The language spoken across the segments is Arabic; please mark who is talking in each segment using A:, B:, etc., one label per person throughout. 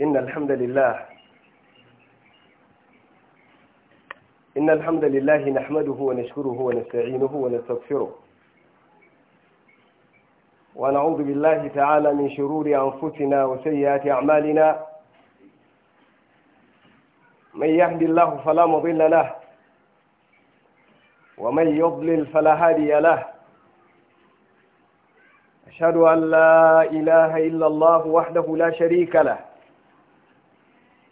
A: إن الحمد لله إن الحمد لله نحمده ونشكره ونستعينه ونستغفره ونعوذ بالله تعالى من شرور أنفسنا وسيئات أعمالنا من يهد الله فلا مضل له ومن يضلل فلا هادي له أشهد أن لا إله إلا الله وحده لا شريك له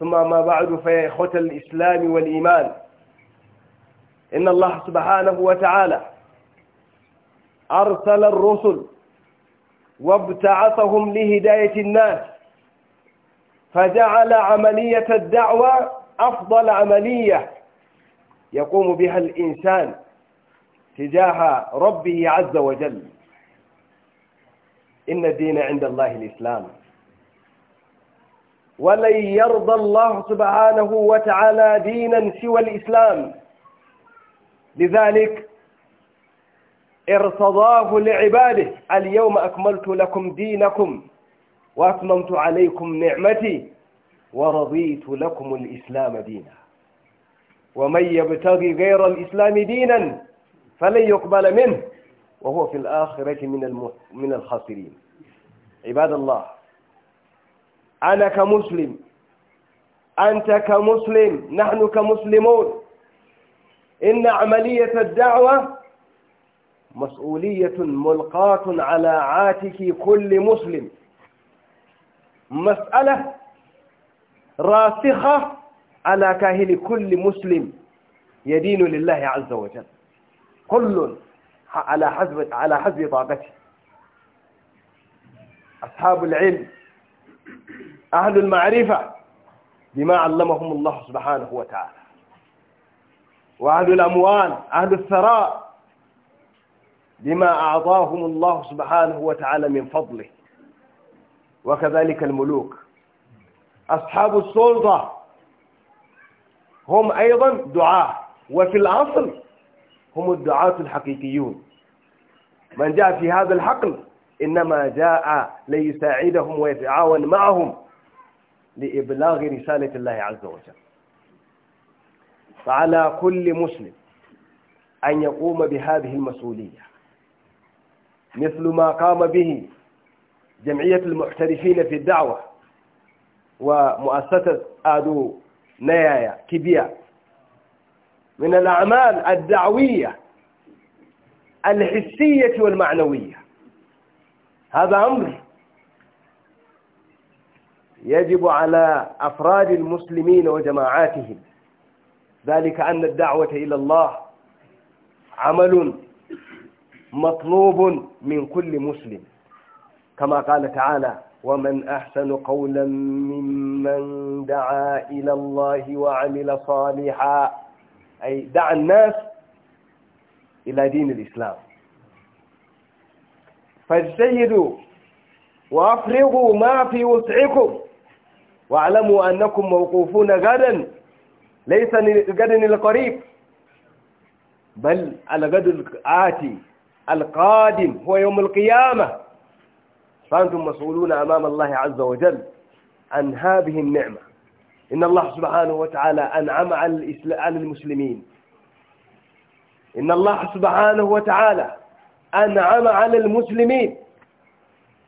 A: ثم ما بعد فيا إخوة الإسلام والإيمان إن الله سبحانه وتعالى أرسل الرسل وابتعثهم لهداية الناس فجعل عملية الدعوة أفضل عملية يقوم بها الإنسان تجاه ربه عز وجل إن الدين عند الله الإسلام ولن يرضى الله سبحانه وتعالى دينا سوى الإسلام لذلك ارتضاه لعباده اليوم أكملت لكم دينكم وأتممت عليكم نعمتي ورضيت لكم الإسلام دينا ومن يبتغي غير الإسلام دينا فلن يقبل منه وهو في الآخرة من من الخاسرين عباد الله أنا كمسلم أنت كمسلم نحن كمسلمون إن عملية الدعوة مسؤولية ملقاة على عاتق كل مسلم مسألة راسخة على كاهل كل مسلم يدين لله عز وجل كل على حسب على حسب طاقته أصحاب العلم أهل المعرفة بما علمهم الله سبحانه وتعالى وأهل الأموال أهل الثراء بما أعطاهم الله سبحانه وتعالى من فضله وكذلك الملوك أصحاب السلطة هم أيضا دعاة وفي الأصل هم الدعاة الحقيقيون من جاء في هذا الحقل إنما جاء ليساعدهم ويتعاون معهم لإبلاغ رسالة الله عز وجل فعلى كل مسلم أن يقوم بهذه المسؤولية مثل ما قام به جمعية المحترفين في الدعوة ومؤسسة آدو نيايا كبيا من الأعمال الدعوية الحسية والمعنوية هذا أمر يجب على أفراد المسلمين وجماعاتهم ذلك أن الدعوة إلى الله عمل مطلوب من كل مسلم كما قال تعالى ومن أحسن قولا ممن دعا إلى الله وعمل صالحا أي دعا الناس إلى دين الإسلام فاجتهدوا وأفرغوا ما في وسعكم واعلموا أنكم موقوفون غدا ليس غدا القريب بل على غد الآتي القادم هو يوم القيامة فأنتم مسؤولون أمام الله عز وجل عن هذه النعمة إن الله سبحانه وتعالى أنعم على المسلمين إن الله سبحانه وتعالى أنعم على المسلمين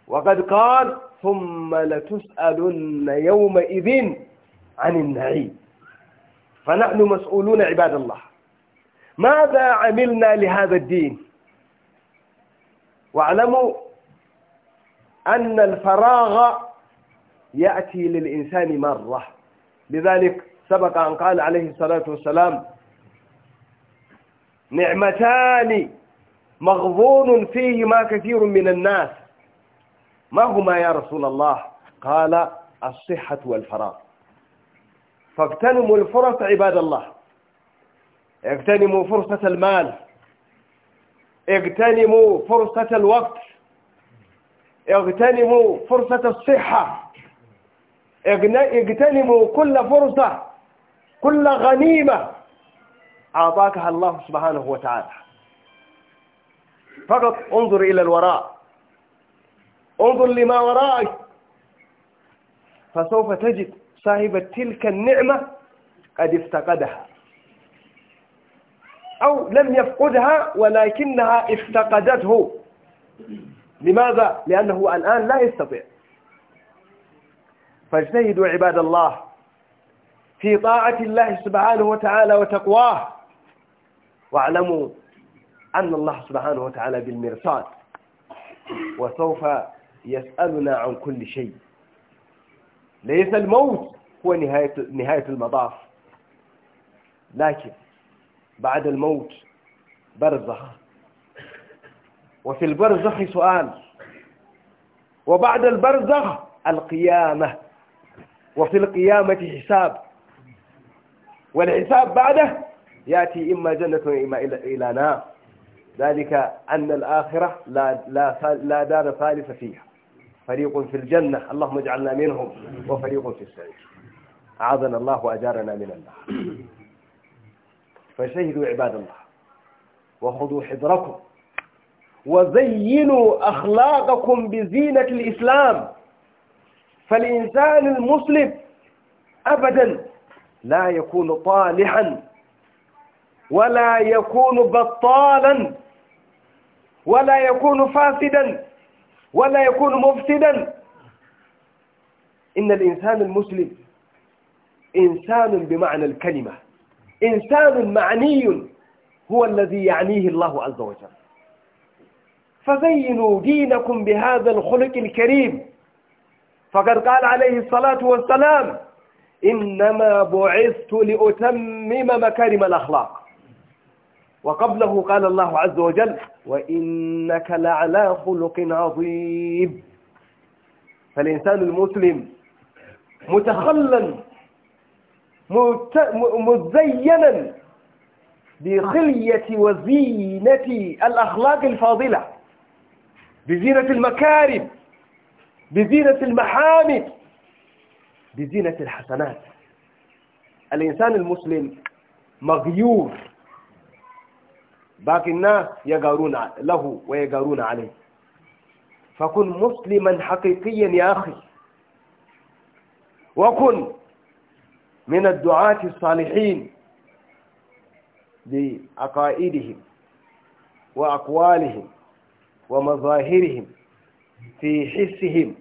A: وقد قال ثم لتسألن يومئذ عن النعيم فنحن مسؤولون عباد الله ماذا عملنا لهذا الدين واعلموا أن الفراغ يأتي للإنسان مرة لذلك سبق أن قال عليه الصلاة والسلام نعمتان مغبون فيهما كثير من الناس ما هما يا رسول الله قال الصحة والفراغ فاغتنموا الفرص عباد الله اغتنموا فرصة المال اغتنموا فرصة الوقت اغتنموا فرصة الصحة اغتنموا كل فرصة كل غنيمة أعطاكها الله سبحانه وتعالى فقط انظر إلى الوراء انظر لما وراءك فسوف تجد صاحب تلك النعمة قد افتقدها أو لم يفقدها ولكنها افتقدته لماذا؟ لأنه الآن لا يستطيع فاجتهدوا عباد الله في طاعة الله سبحانه وتعالى وتقواه واعلموا أن الله سبحانه وتعالى بالمرصاد وسوف يسألنا عن كل شيء ليس الموت هو نهاية, نهاية المطاف لكن بعد الموت برزخ وفي البرزخ سؤال وبعد البرزخ القيامة وفي القيامة حساب والحساب بعده يأتي إما جنة وإما إلى نار ذلك أن الآخرة لا, لا, لا دار ثالث فيها فريق في الجنة اللهم اجعلنا منهم وفريق في السعير أعاذنا الله وأجارنا من النار فشهدوا عباد الله وخذوا حذركم وزينوا أخلاقكم بزينة الإسلام فالإنسان المسلم أبدا لا يكون طالحا ولا يكون بطالا ولا يكون فاسدا ولا يكون مفسدا إن الإنسان المسلم إنسان بمعنى الكلمة إنسان معني هو الذي يعنيه الله عز وجل فزينوا دينكم بهذا الخلق الكريم فقد قال عليه الصلاة والسلام إنما بعثت لأتمم مكارم الأخلاق وقبله قال الله عز وجل وإنك لعلى خلق عظيم فالإنسان المسلم متخلا مزينا بخلية وزينة الأخلاق الفاضلة بزينة المكارم بزينة المحامد بزينة الحسنات الإنسان المسلم مغيور باقي الناس يقارون له ويقارون عليه فكن مسلما حقيقيا يا أخي وكن من الدعاة الصالحين بعقائدهم وأقوالهم ومظاهرهم في حسهم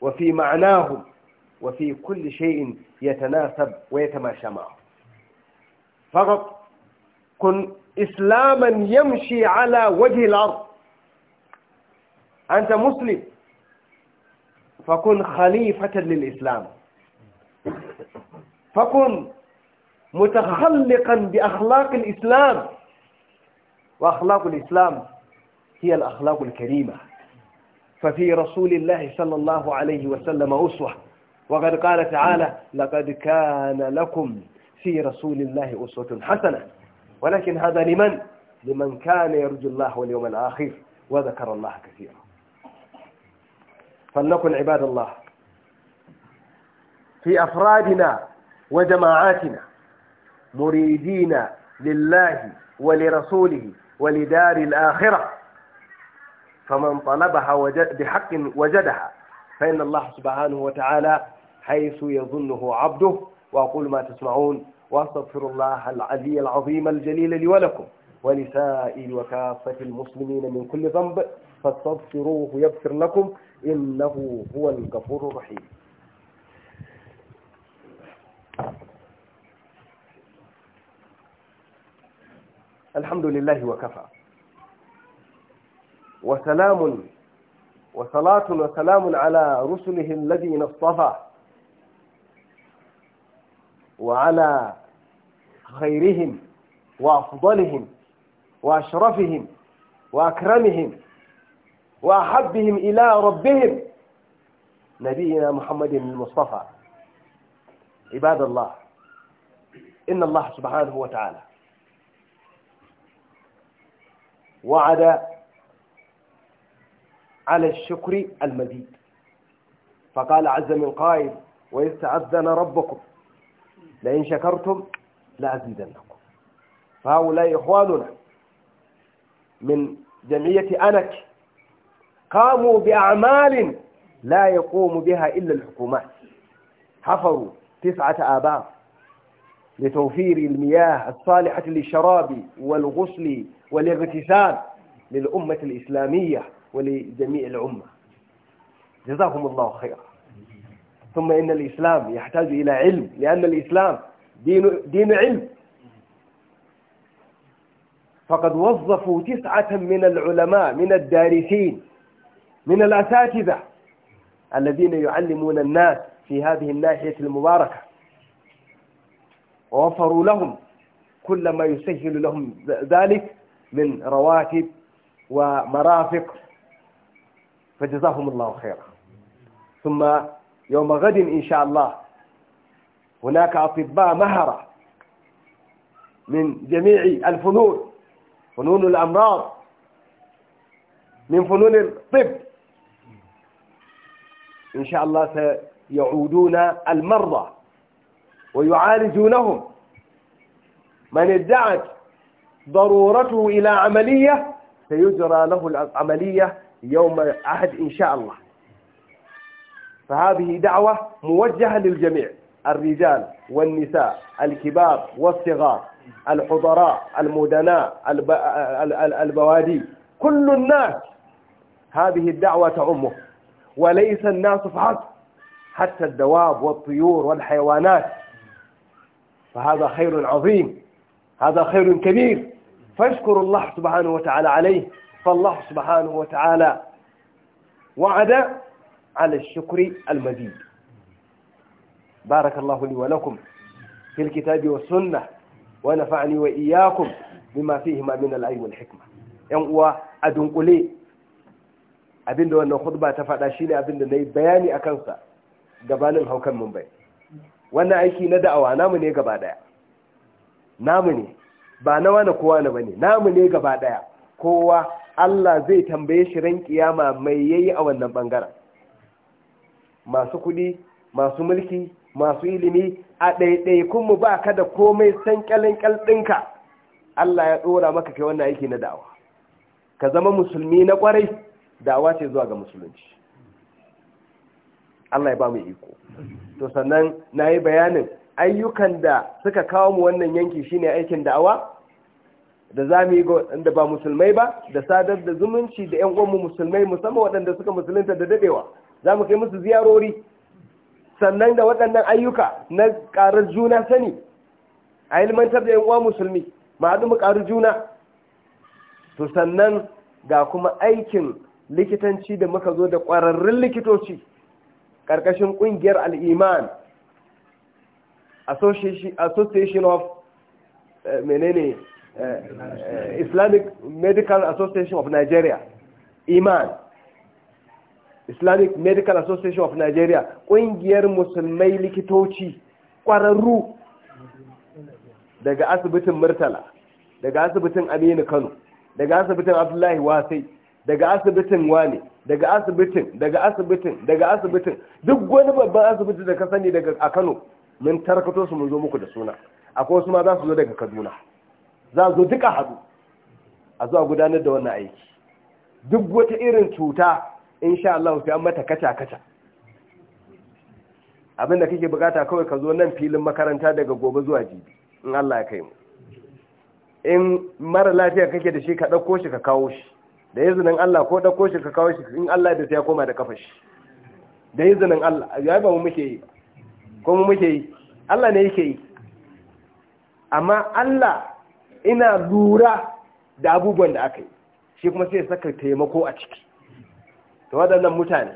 A: وفي معناهم وفي كل شيء يتناسب ويتماشى معه فقط كن إسلاما يمشي على وجه الأرض أنت مسلم فكن خليفة للإسلام فكن متخلقا بأخلاق الإسلام وأخلاق الإسلام هي الأخلاق الكريمة ففي رسول الله صلى الله عليه وسلم أسوة وقد قال تعالى لقد كان لكم في رسول الله أسوة حسنة ولكن هذا لمن لمن كان يرجو الله واليوم الآخر وذكر الله كثيرا فلنكن عباد الله في أفرادنا وجماعاتنا مريدين لله ولرسوله ولدار الآخرة فمن طلبها وجد بحق وجدها فإن الله سبحانه وتعالى حيث يظنه عبده وأقول ما تسمعون وأستغفر الله العلي العظيم الجليل لي ولكم ولسائر وكافة المسلمين من كل ذنب فاستغفروه يغفر لكم إنه هو الغفور الرحيم الحمد لله وكفى وسلام وصلاة وسلام على رسله الذين اصطفى وعلى خيرهم وأفضلهم وأشرفهم وأكرمهم وأحبهم إلى ربهم نبينا محمد المصطفى عباد الله إن الله سبحانه وتعالى وعد على الشكر المزيد فقال عز من قائل وإذ تعذن ربكم لئن شكرتم لأزيدنكم فهؤلاء إخواننا من جمعية أنك قاموا بأعمال لا يقوم بها إلا الحكومات حفروا تسعة آبار لتوفير المياه الصالحة للشراب والغسل والاغتسال للأمة الإسلامية ولجميع الأمة جزاهم الله خيرا ثم إن الإسلام يحتاج إلى علم لأن الإسلام دين, دين علم فقد وظفوا تسعة من العلماء من الدارسين من الأساتذة الذين يعلمون الناس في هذه الناحية المباركة ووفروا لهم كل ما يسهل لهم ذلك من رواتب ومرافق فجزاهم الله خيرا ثم يوم غد إن شاء الله هناك أطباء مهرة من جميع الفنون فنون الأمراض من فنون الطب إن شاء الله سيعودون المرضى ويعالجونهم من ادعت ضرورته إلى عملية سيجرى له العملية يوم أحد إن شاء الله فهذه دعوة موجهة للجميع الرجال والنساء الكبار والصغار الحضراء المدناء البوادي كل الناس هذه الدعوة تعمه وليس الناس فقط حتى الدواب والطيور والحيوانات فهذا خير عظيم هذا خير كبير فاشكر الله سبحانه وتعالى عليه فالله سبحانه وتعالى وعد على الشكر المزيد بارك الله لي ولكم في الكتاب والسنة ونفعني وإياكم بما فيهما من العلم والحكمة ينقوى أدنقلي abin da wannan khutba ta faɗa shi ne abin da na yi bayani a kansa gabanin haukan mumbai wannan aiki na da'awa namu ne gaba ɗaya namu ne ba na wani kowa na bane namu ne gaba ɗaya kowa Allah zai tambaye shi ran kiyama mai yayi a wannan bangaren masu kuɗi masu mulki masu ilimi a mu ba ka da komai san ƙyalin ɗinka Allah ya ɗora maka kai wannan aiki na da'awa ka zama musulmi na ƙwarai da'awa ce zuwa ga musulunci Allah ya ba mu iko to sannan na yi bayanin ayyukan da suka kawo mu wannan yanki shine aikin da'awa da za mu yi ga ba musulmai ba da sadar da zumunci da 'yan uwanmu musulmai musamman waɗanda suka musulunta da daɗewa za mu kai musu ziyarori sannan da waɗannan ayyuka na ƙarar juna sani a ilmantar da yan uwa musulmi haɗu mu ƙarar juna to sannan ga kuma aikin likitanci da muka zo da ƙwararrun likitoci ƙarƙashin ƙungiyar al'iman association of eh, menene eh, eh, islamic medical association of nigeria iman islamic medical association of nigeria ƙungiyar musulmai likitoci ƙwararru daga asibitin murtala daga asibitin aminu kano daga asibitin abdullahi wasai daga asibitin wane daga asibitin daga asibitin daga asibitin duk wani babban asibiti da ka sani daga a kano mun tarkato su mun zo muku da suna akwai wasu ma za su zo daga kaduna za zo duka haɗu a zuwa gudanar da wannan aiki duk wata irin cuta insha Allah fi an mata kaca kaca abinda kake bukata kawai ka zo nan filin makaranta daga gobe zuwa jibi in Allah ya kai mu in mara lafiya kake da shi ka ɗauko shi ka kawo shi da izinin Allah ko ɗauko shi ka kawo shi in Allah da sai ya koma da kafa shi da izinin Allah ya ba mu muke yi ko mu muke yi Allah ne yake yi amma Allah ina lura da abubuwan da aka yi shi kuma sai ya saka taimako a ciki da waɗannan mutane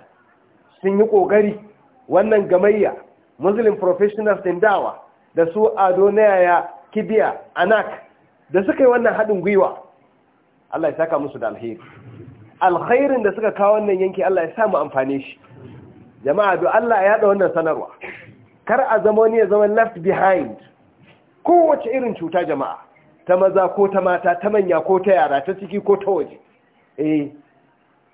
A: sun yi ƙoƙari wannan gamayya muslim professionals din dawa da su ado na yaya kibiya anak da suka yi wannan haɗin gwiwa Allah ya saka musu da alheri alhairin da suka kawo wannan yanki Allah ya samu amfane shi jama'a da Allah ya da wannan sanarwa kar a zama wani ya zama left behind kowace irin cuta jama'a ta maza ko ta mata ta manya ko ta yara ta ciki ko ta waje eh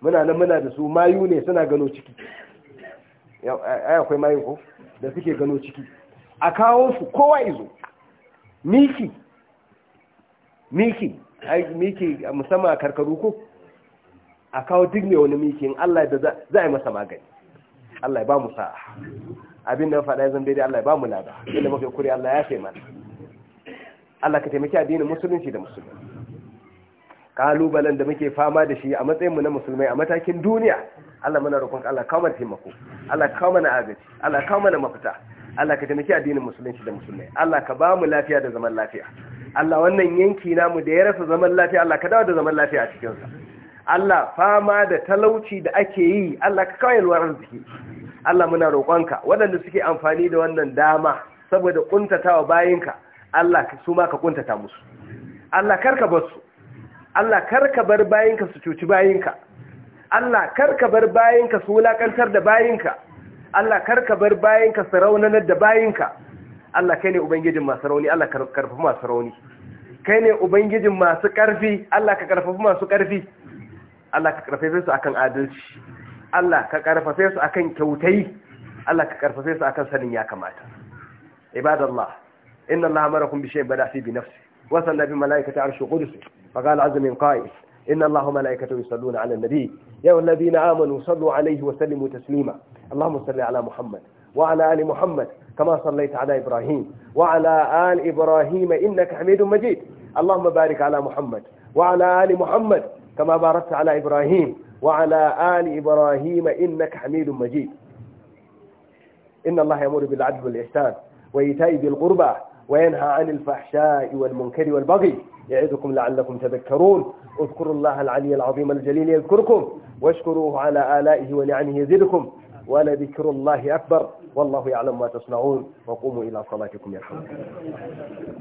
A: muna nan muna da su mayu ne suna gano ciki ai akwai mayu ko da suke gano ciki a kawo su kowa izo miki miki miki musamman a karkaru ko a kawo duk ne wani miki in Allah da za a yi masa magani Allah ya ba mu sa'a abin da faɗa zan daidai Allah ya ba mu lada inda muka yi kuri Allah ya ce mana Allah ka taimaki addinin musulunci da musulunci kalubalen da muke fama da shi a matsayinmu na musulmai a matakin duniya Allah muna roƙon Allah kawo mana taimako Allah kawo mana agaji Allah kawo mana mafita Allah ka taimaki addinin musulunci da musulmai Allah ka ba mu lafiya da zaman lafiya Allah wannan yanki namu da ya rasa zaman lafiya Allah ka dawo da zaman lafiya a cikin sa Allah fama da talauci da ake yi Allah ka kawo yalwar arziki Allah muna roƙonka waɗanda suke amfani da wannan dama saboda kuntatawa bayinka Allah su ma ka kuntata musu Allah karka bar su Allah karka bar bayinka su cuci bayinka Allah karka bar bayinka su wulakantar da bayinka Allah karka bar bayinka su raunanar da bayinka Allah kai ne ubangijin masu rauni Allah ka karfafi masu rauni kai ne ubangijin masu karfi Allah ka karfafi masu karfi Allah ka karfafe su akan adalci Allah ka karfafe su akan kyautai Allah ka karfafe su akan sanin ya kamata ibadallah inna Allah amarakum bi shay'in bada fi bi nafsi wa salla bi malaikati arshi qudusi فقال عز من قائل إن الله ملائكته يصلون على النبي يا الذين آمنوا صلوا عليه وسلموا تسليما اللهم صل على محمد وعلى آل محمد كما صليت على إبراهيم وعلى آل إبراهيم إنك حميد مجيد اللهم بارك على محمد وعلى آل محمد كما باركت على إبراهيم وعلى آل إبراهيم إنك حميد مجيد إن الله يأمر بالعدل والإحسان وإيتاء ذي القربى وينهى عن الفحشاء والمنكر والبغي يعدكم لعلكم تذكرون اذكروا الله العلي العظيم الجليل يذكركم واشكروه على آلائه ونعمه يزدكم ولذكر الله أكبر والله يعلم ما تصنعون وقوموا إلى صلاتكم يرحمكم